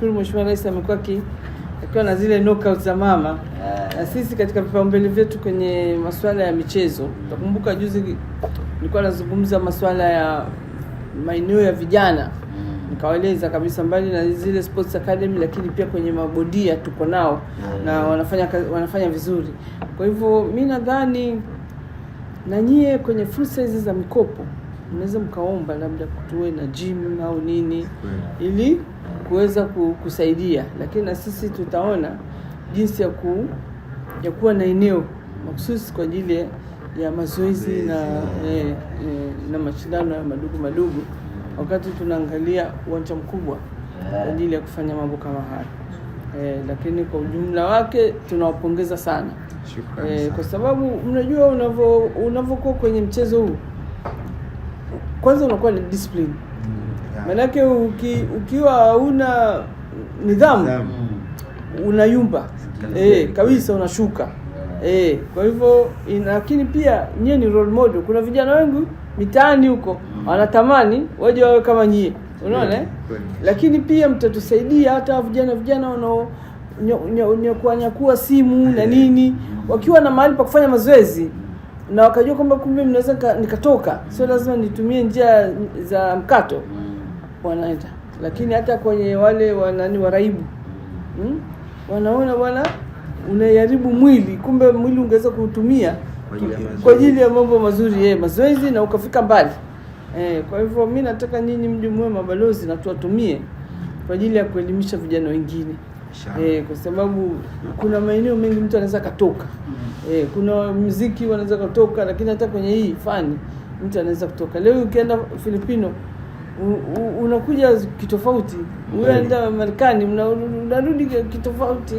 tunamshukuru Mheshimiwa Rais amekuwa akiwa na zile knockout za mama eh. na sisi katika vipaumbele vyetu kwenye masuala ya michezo. Utakumbuka juzi nilikuwa nazungumza masuala ya maeneo ya vijana, mm. nikawaeleza kabisa mbali na zile sports academy, lakini pia kwenye mabodia tuko nao mm. na wanafanya wanafanya vizuri. Kwa hivyo mi nadhani na nyie kwenye fursa hizi za mikopo mnaweza mkaomba labda kutuwe na gym au nini, ili kuweza kusaidia, lakini na sisi tutaona jinsi ya, ku, ya kuwa na eneo mahususi kwa ajili ya mazoezi na, e, e, na mashindano ya madogo madogo, wakati tunaangalia uwanja mkubwa kwa ajili ya kufanya mambo kama haya. e, lakini kwa ujumla wake tunawapongeza sana. e, Kwa sababu mnajua unavyokuwa kwenye mchezo huu kwanza unakuwa ni discipline Maanake mm, uki, ukiwa hauna nidhamu unayumba E, kabisa unashuka E, kwa hivyo lakini pia nyie ni role model. Kuna vijana wengi mitaani huko mm. wanatamani waje wawe kama nyie, unaona eh? Lakini pia mtatusaidia hata vijana vijana wanao nyakuanyakuwa simu na nini, mm. wakiwa na mahali pa kufanya mazoezi na wakajua kwamba kumbe mnaweza nikatoka, sio lazima nitumie njia za mkato, mm. wanaenda. Lakini hata kwenye wale wanani waraibu hmm? wanaona bwana, unaiharibu mwili, kumbe mwili ungeweza kuutumia kwa ajili ya mambo mazuri eh, mazoezi na ukafika mbali e, Kwa hivyo mi nataka nyinyi mjumue mabalozi na tuwatumie kwa ajili ya kuelimisha vijana wengine e, kwa sababu kuna maeneo mengi mtu anaweza akatoka mm. E, kuna mziki wanaweza kutoka, lakini hata kwenye hii fani mtu anaweza kutoka. Leo ukienda Filipino unakuja kitofauti, uenda Marekani unarudi kitofauti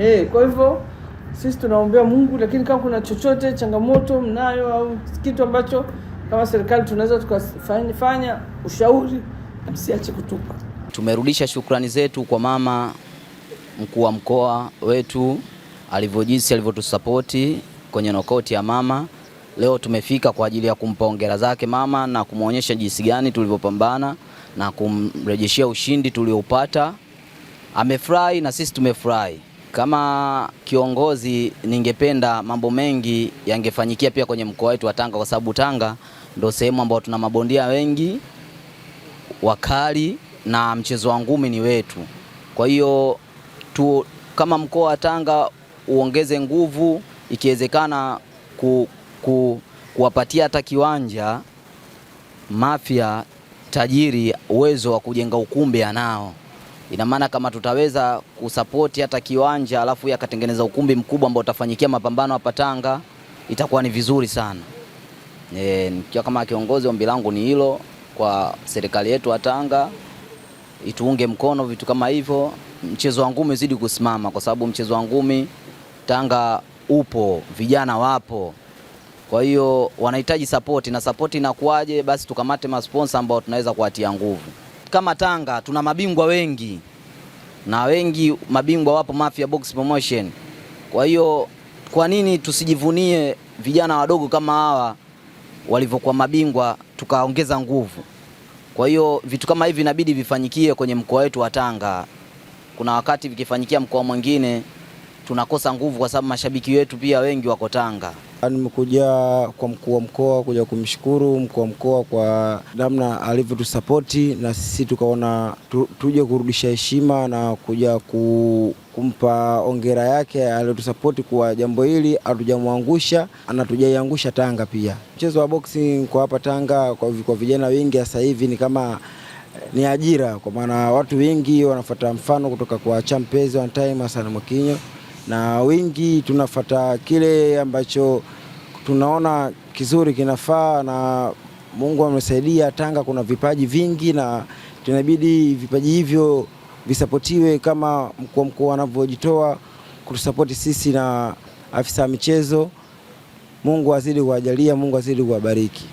e. Kwa hivyo sisi tunaombea Mungu, lakini kama kuna chochote changamoto mnayo au kitu ambacho kama serikali tunaweza tukafanya ushauri, msiache kutupa. Tumerudisha shukrani zetu kwa mama mkuu wa mkoa wetu alivyojinsi alivyotusapoti kwenye nokoti ya mama. Leo tumefika kwa ajili ya kumpa hongera zake mama na kumwonyesha jinsi gani tulivyopambana na kumrejeshia ushindi tulioupata. Amefurahi na sisi tumefurahi. Kama kiongozi, ningependa mambo mengi yangefanyikia pia kwenye mkoa wetu wa Tanga, kwa sababu Tanga ndio sehemu ambayo tuna mabondia wengi wakali na mchezo wa ngumi ni wetu. Kwa hiyo tu kama mkoa wa Tanga uongeze nguvu, ikiwezekana ku, ku, kuwapatia hata kiwanja Mafia tajiri uwezo wa kujenga ukumbi anao. Ina maana kama tutaweza kusapoti hata kiwanja alafu yakatengeneza ukumbi mkubwa ambao utafanyikia mapambano hapa Tanga itakuwa ni vizuri sana. E, nikiwa kama kiongozi ombi langu ni hilo kwa serikali yetu ya Tanga ituunge mkono vitu kama hivyo, mchezo wa ngumi zidi kusimama kwa sababu mchezo wa ngumi Tanga upo, vijana wapo, kwa hiyo wanahitaji sapoti. Na sapoti inakuwaje? Basi tukamate masponsa ambao tunaweza kuwatia nguvu. Kama Tanga tuna mabingwa wengi na wengi mabingwa wapo Mafia Box Promotion. Kwa hiyo kwa nini tusijivunie vijana wadogo kama hawa walivyokuwa mabingwa tukaongeza nguvu? Kwa hiyo vitu kama hivi inabidi vifanyikie kwenye mkoa wetu wa Tanga. Kuna wakati vikifanyikia mkoa mwingine tunakosa nguvu, kwa sababu mashabiki wetu pia wengi wako Tanga. Yaani nimekuja kwa mkuu wa mkoa kuja kumshukuru mkuu wa mkoa kwa namna alivyotusapoti na sisi tukaona tu, tuje kurudisha heshima na kuja ku, kumpa ongera yake aliyotusapoti kwa jambo hili, hatujamwangusha na Tanga. Pia mchezo wa boxing kwa hapa Tanga kwa, kwa vijana wengi sasa hivi ni kama eh, ni ajira, kwa maana watu wengi wanafuata mfano kutoka kwa champezi one time Hassan Mwakinyo na wingi tunafata kile ambacho tunaona kizuri kinafaa, na Mungu amesaidia. Tanga kuna vipaji vingi, na tunabidi vipaji hivyo visapotiwe kama mkuu wa mkoa anavyojitoa kutusapoti sisi na afisa michezo. Mungu azidi kuwajalia, Mungu azidi kuwabariki.